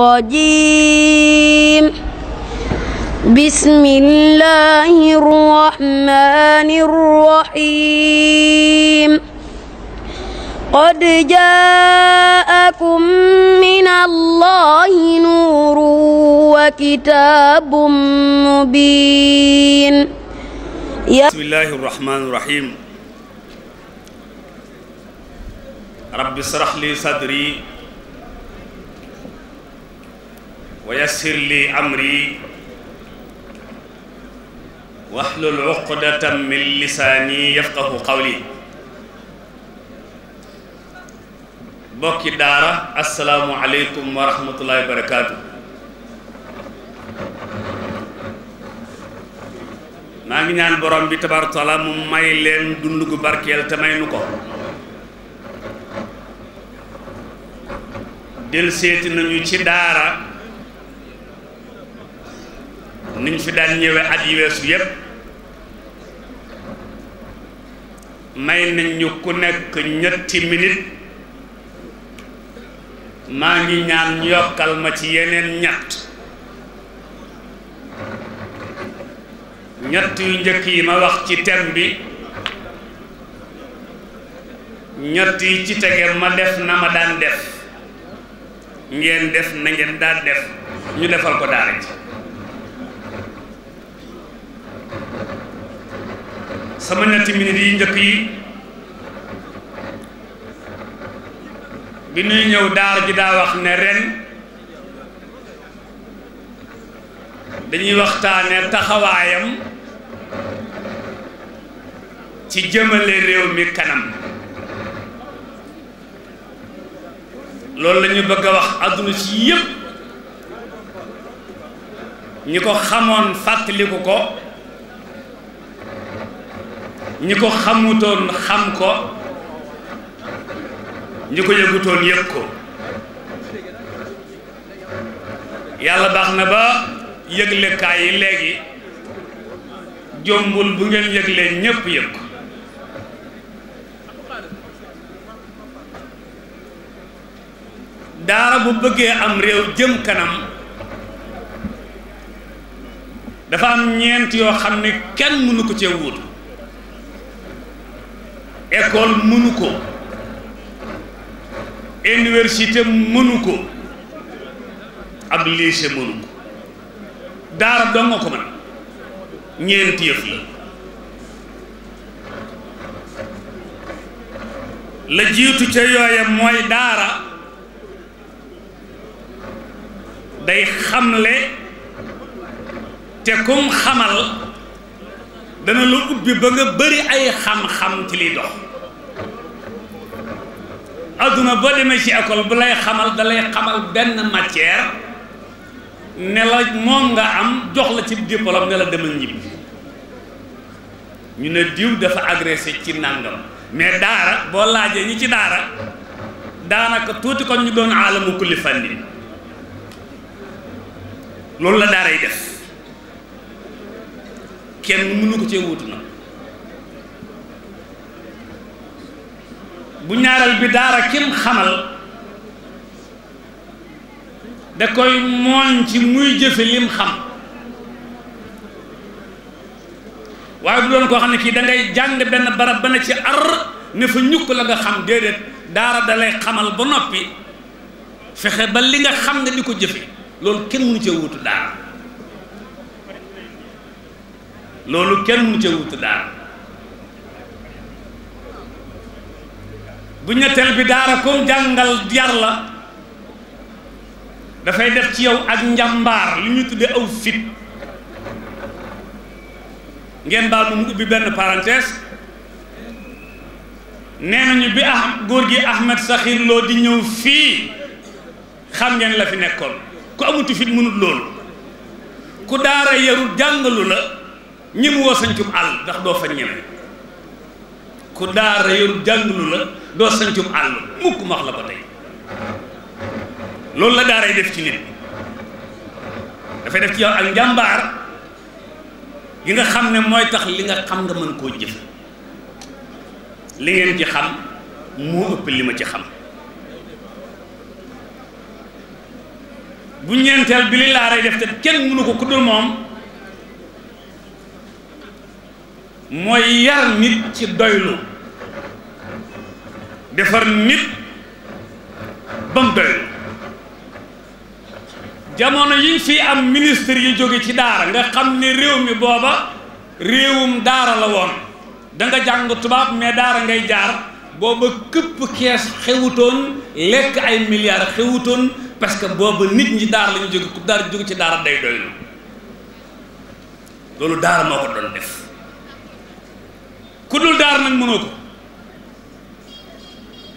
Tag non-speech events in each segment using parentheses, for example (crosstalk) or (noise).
الرجيم بسم الله الرحمن الرحيم قد جاءكم من الله نور وكتاب مبين بسم الله الرحمن الرحيم رب اشرح لي صدري wa yassir li amri wahlul uqdatam min lisaani yafqahu qawli bokki daara assalaamu aleykum wa wa barakaatu ngi ñaan borom bi tabaaraka taala mu may leen dund gu barkeel te ko del nañu ci daara niñ fi daan ñëwee at yi weesu yépp may nañ ñu ku nekk ñetti minute maa ngi ñaan ñu yokkal ma ci yeneen ñett ñett yu njëkk yi ma wax ci thème bi ñett yi ci tege ma def na ma daan def ngeen def na daan def ñu defal ko daara ji sama ñetti minit yi njëkk yi bi ñuy ñëw daar ji daa wax ne ren dañuy waxtaane taxawaayam ci jëmale réew mi kanam loolu la bëgg a wax àdduna ci yépp ñi ko xamoon fàttaliku ko ñi ko xamutoon xam ko ñi ko yëgutoon yëg ko yàlla baax na ba yëglekaay yi léegi jombul bu ngeen yëglee ñépp yëg ko daara bu bëggee am réew jëm kanam dafa am ñeent yoo xam ne kenn mënu ko cee wutu école mënu ko université mënu ko ak lycée mënu ko daara dong ko mën ñeenti yëf la la jiitu ca yooya mooy daara day xamle te kum xamal dana la ubbi ba nga bëri ay xam-xam ci liy dox adduna boo demee ci école bu lay xamal da xamal benn matière ne la moom nga am jox la ci diplôme ne la demal ñibbi ñu ne diw dafa agressé ci nàngam mais daara boo laajee ñi ci daara daanaka tuuti ko ñu doon aalamu kulli fanni loolu la daaray def kenn mënu ko cee wutu na bu ñaaral bi daara kim xamal da koy mooñ ci muy jëfe lim xam waaye bu doon koo xam ne kii da jàng benn barab ba ne ci ar ne fa ñukk la nga xam déedéet daara da lay xamal ba noppi fexe ba li nga xam nga di ko jëfe loolu kenn mënu cee wutu daara loolu kenn mu ca wut daara bu ñetteel bi daara comme jàngal yar la dafay def ci yow ak njàmbaar lu ñu tudde aw fit ngeen baal mu ubbi benn parenthèse nee nañu bi ah góor gi Ahmed Sakhir Lo di ñëw fii xam ngeen la fi nekkoon ku amutu fit mënut loolu ku daara yarul jàngalu la ñim woo sañcum àll ndax doo fa ñeme ku daara yoon jànglu la doo sañcum àll mukk max la ba tey loolu la daaray def ci nit dafay def ci yow ak njàmbaar gi nga xam ne mooy tax li nga xam nga mën koo jëf li ngeen ci xam moo ëpp li ma ci xam bu ñeenteel bi li daaray def te kenn mënu ko ku dul moom mooy yar nit ci doylu defar nit ba mu doylu jamono yiñ fi am ministre yi jóge ci daara nga xam ne réew mi booba réewum daara la woon da jàng tubaab mais daara ngay jaar booba këpp kees xewutoon lekk ay milliards xewutoon parce que booba nit ñi daara lañu jóge ku daara jóge ci daara day doylu loolu daara moo ko doon def ku dul daara nag mënoo ko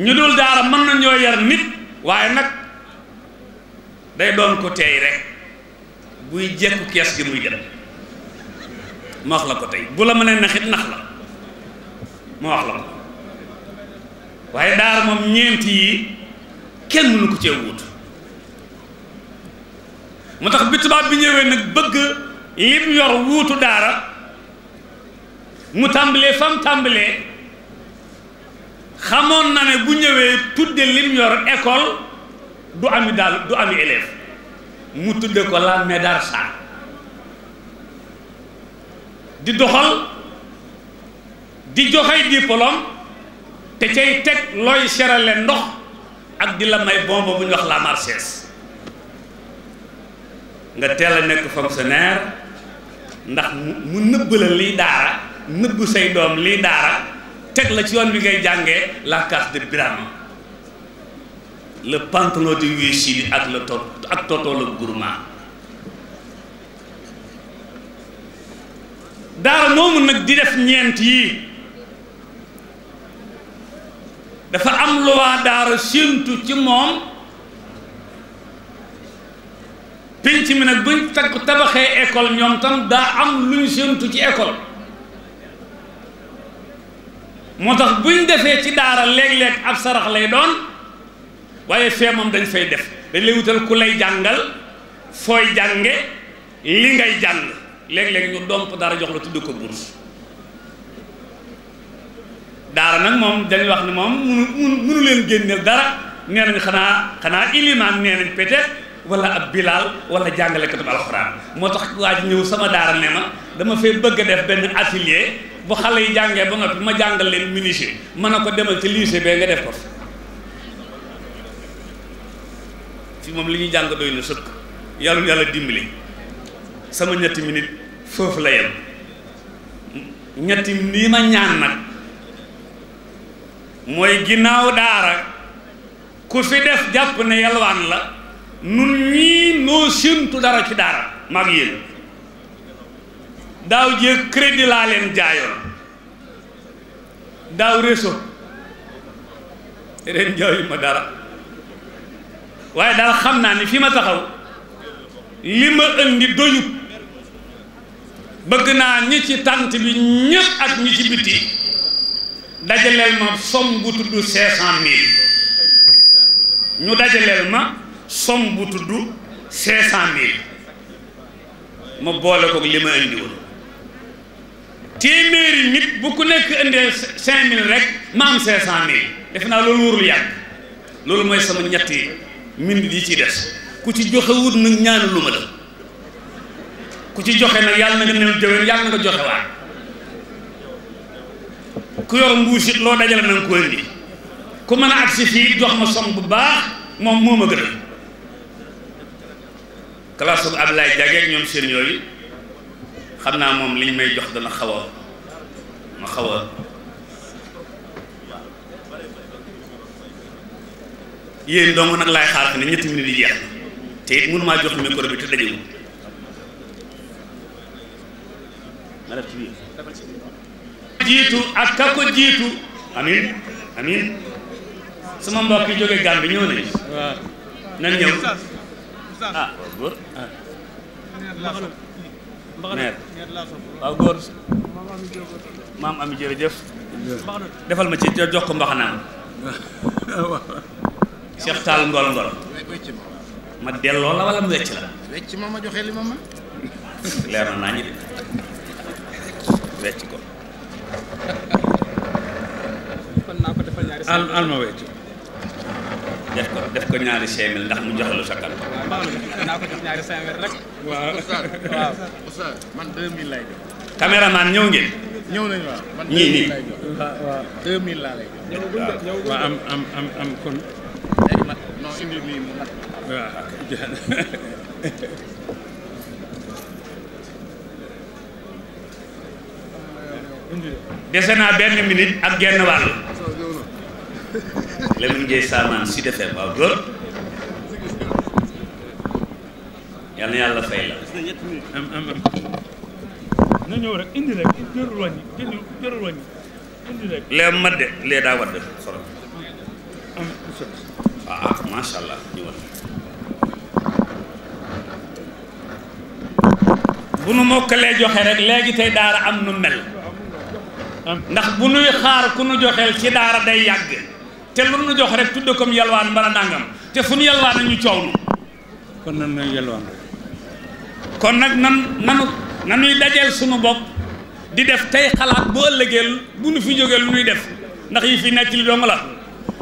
ñu dul daara mën nañoo yar nit waaye nag day doon ko teey rek buy jekku kees gi muy jël ma wax la ko tey bu la mënee naxit nax la ma wax la ko waaye daara moom ñeenti yi kenn mënu ko cee wut mu tax bi tubaab bi ñëwee nag bëgg lim yor wuutu daara mu tàmbalee fam tàmbalee xamoon na ne bu ñëwee tudde lim yor école du ami daal du ami élève mu tudde ko la médarsa di doxal di joxe diplôme te cay teg looy serale ndox ak di la may bomba bu ñu wax la marchés nga teel a nekk fonctionnaire ndax mu nëbbala liy daara nëbbu say doom lii daara teg la ci yoon bi ngay jàngee la carte de Birame le pantalon de Wéchili ak le to ak Toto daara moomu nag di def ñeent yi dafa am lu waa daara séentu ci moom penc mi nag buñ tag tabaxee école ñoom tam daa am luñ séentu ci ecole moo tax buñ defee ci daara léeg-léeg ab sarax lay doon waaye fee moom dañ fay def dañ lay wutal ku lay jàngal fooy jànge li ngay jàng léeg-léeg ñu domp daara jox la tudd ko bourse daara nag moom dañ wax ni moom munu munu leen génneel dara nee nañ xanaa xanaa ilimaan nee nañ peut-être wala ab bilaal wala jàngalekatub alxuraan moo tax waa ji ñëw sama daara ne ma dama fee bëgg def benn atelier bu xale yi jàngee ba noppi ma jàngal leen menuisier mën na ko demal ci lycée bee nga def ko fi moom li ñuy jàng doy na sëkk yàlla yàlla dimbali sama ñetti minute foofu la yem ñetti nii ma ñaan nag mooy ginnaaw daara ku fi def jàpp ne yalwaan la nun ñii noo séntu dara ci daara mag yéen daaw jéeg crédit laa leen jaayoon daaw réseau ren jaayu ma dara waaye daal xam naa ni fi ma taxaw li ma indi doyut bëgg naa ñi ci tant bi ñëpp ak ñi ci biti dajaleel ma somme bu tudd cinq cent ñu dajaleel ma somme bu tudd cinq cent mille ma boole ko li ma indi woon téeméeri nit bu ku nekk indee cinq rek ma am cinq cent mille def naa loolu warul yàgg loolu mooy sama ñetti mbind di ci des ku ci joxe wut nag ñaanu lu ma la ku ci joxe nag yàlla na nga new jëwén nga joxe waat ku yor mbuusit loo dajale na nga ko indi ku mën a agsi fii jox ma som bu baax moom moo ma gën classe bu Ablaye Diagne ñoom seen yooyu xam naa moom liñ may jox dana xaw a ma xaw a yéen dong nag laay xaar ne ñetti minutes yi jeex na te it mënumaa jox micro bi te dajewul jiitu ak ka ko jiitu amin amin sama mbokk mu jógee Gambie ñëw nañu nan ñëw ah waaw góor meer ah, waaw góor maam ami jërëjëf defal ma ci jox ko mbaxanaam Cheikh Tall ngol ngol ma delloo la wala mu wecc la wecc ma ma joxe li ma ma leer na naa wecc ko al ma wecc def ko def ko ñaari cinq ndax mu jox lu sakkan ko. ñëw ngi ñëw nañu waaw man ah, ah, deux mille laa lay jox. waaw ah, am (laughs) dese naa benn minute ak genn wàll. Lamine Gueye yàlla fay la. am de lee daa wadd solo. am ah, ah allah ñëwal. bu nu mokkalee joxe rek léegi tey daara am nu mel. ndax bu xaar ku nu ci daara day yàgg. te lu nu jox rek tudd comme yalwaan mbala nangam te fu nu yalwaan ñu coow nu kon nan na yalwaan kon nag nan nanu nanuy dajeel suñu bopp di def tey xalaat bu ëllëgee bu nu fi jógee lu nuy def ndax yi fi nekk li dong la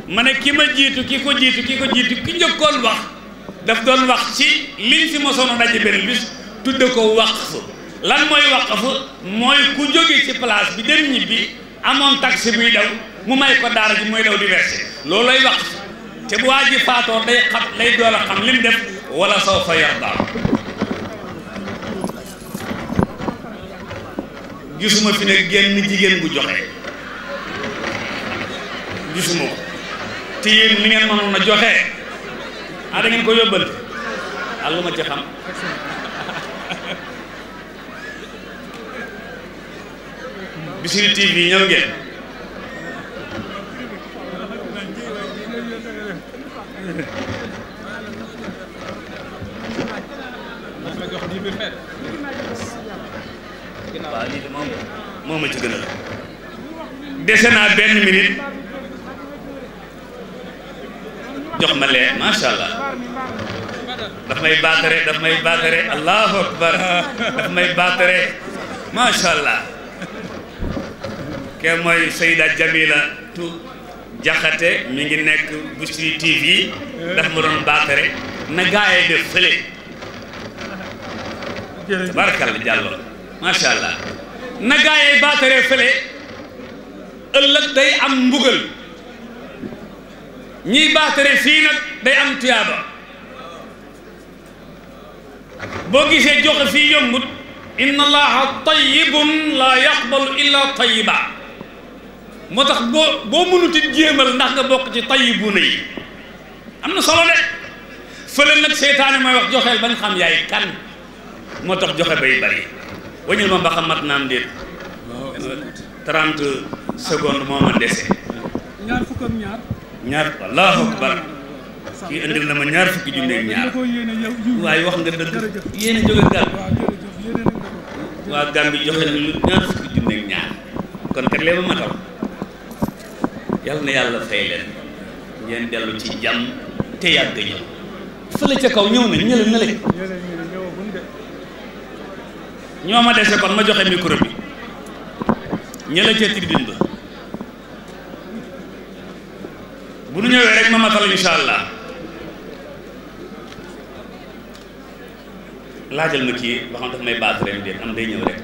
ma ne ki ma jiitu ki ko jiitu ki ko jiitu ki njëkkoon wax daf doon wax ci liñ fi mosoon a daje benn bis ko ko waqf lan mooy waqf mooy ku jóge ci place bi dem ñibbi amoon taxi buy daw mu may ko daar ji muy daw di verser loolooy wax te bu waa ji faatoo day xam day door a xam lim def wala saw fa yardaa gisuma fi ne génn jigéen bu joxe gisuma te yéen li ngeen a joxe ah da ko yóbbal àllu ma ci xam Bichri TV ñëw ngeen waaw lii de moom moo ma ci gën a la dese naa benn minute jox ma lee macha allah daf may baatare daf may baatare allahu akbar daf may baatare macha allah ke mooy Sayda Jamila tout jaxate mi ngi nekk Bichri TV ndax ma doon baatare na gaayee def fële tabarakalla jàllo na gaayee baatare fële ëllëg day am mbugal ñiy baatare fii day am tuyaaba boo gisee joxe fii yombut inna allaha tayyibun la yaqbalu illa tayyiba moo tax boo boo mënut it jéemal ndax nga bokk ci tayyibuna yi am na solo de fële nag seytaane mooy wax joxeel bañ xam yaay kan moo tax joxe bay bari wañul ma ba xam mat naam déet 30 secondes moo ma dese. ñaar fukk ak ñaar. ñaar na ma ñaar fukki junne waaye wax nga dëgg yéen a jóge gàll waa gàmm bi joxe nañu ñaar fukki junne ñaar kon kat lee ba matal yàlla na yàlla fay leen ngeen dellu ci jàmm te yàgg ñëw fële ca kaw ñëw na ñële na le ñoo ma dese kon ma joxe micro bi ñële ca tribune ba bu nu ñëwee rek ma matal insha allah laajal ma kii ba xam daf may baat ren déet am day ñëw rek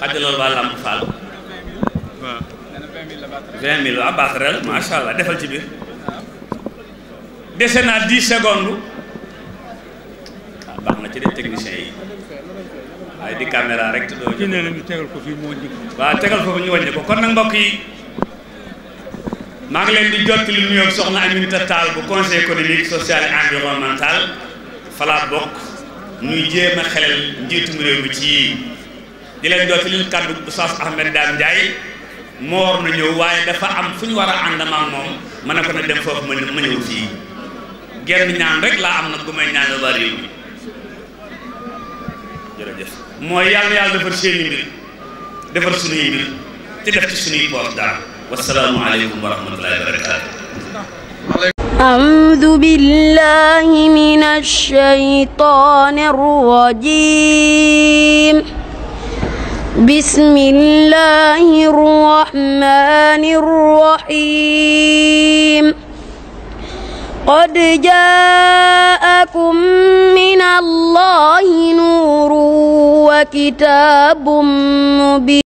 xaj loolu waa làmb faal vingt mille masha allah defal ci biir dese naa dix secondes waaw ah, baax na ci de technicien yi waaye di caméra rek te doo jël nee na ñu tegal ko fii moo njëkk waaw tegal ko fi ñu wàññi ko kon nag mbokk yi maa ngi leen di jot li nuyoo soxna Aminata Tall bu conseil économique social et environnemental fala bokk ñuy jéem a xelal njiitum réew mi ci di leen jot ci liñ kàddu Ahmed Dame Ndiaye moo war na waaye dafa am fu ñu war a ànd maam moom ma ne ko ne dem foofu ma ma ñëw fii genn ñaan rek laa am nag bu may ñaan waa réew mi jërëjëf mooy yàlla yàlla defar seeni mbir defar suñuy mbir te بسم الله الرحمن الرحيم قد جاءكم من الله نور وكتاب مبين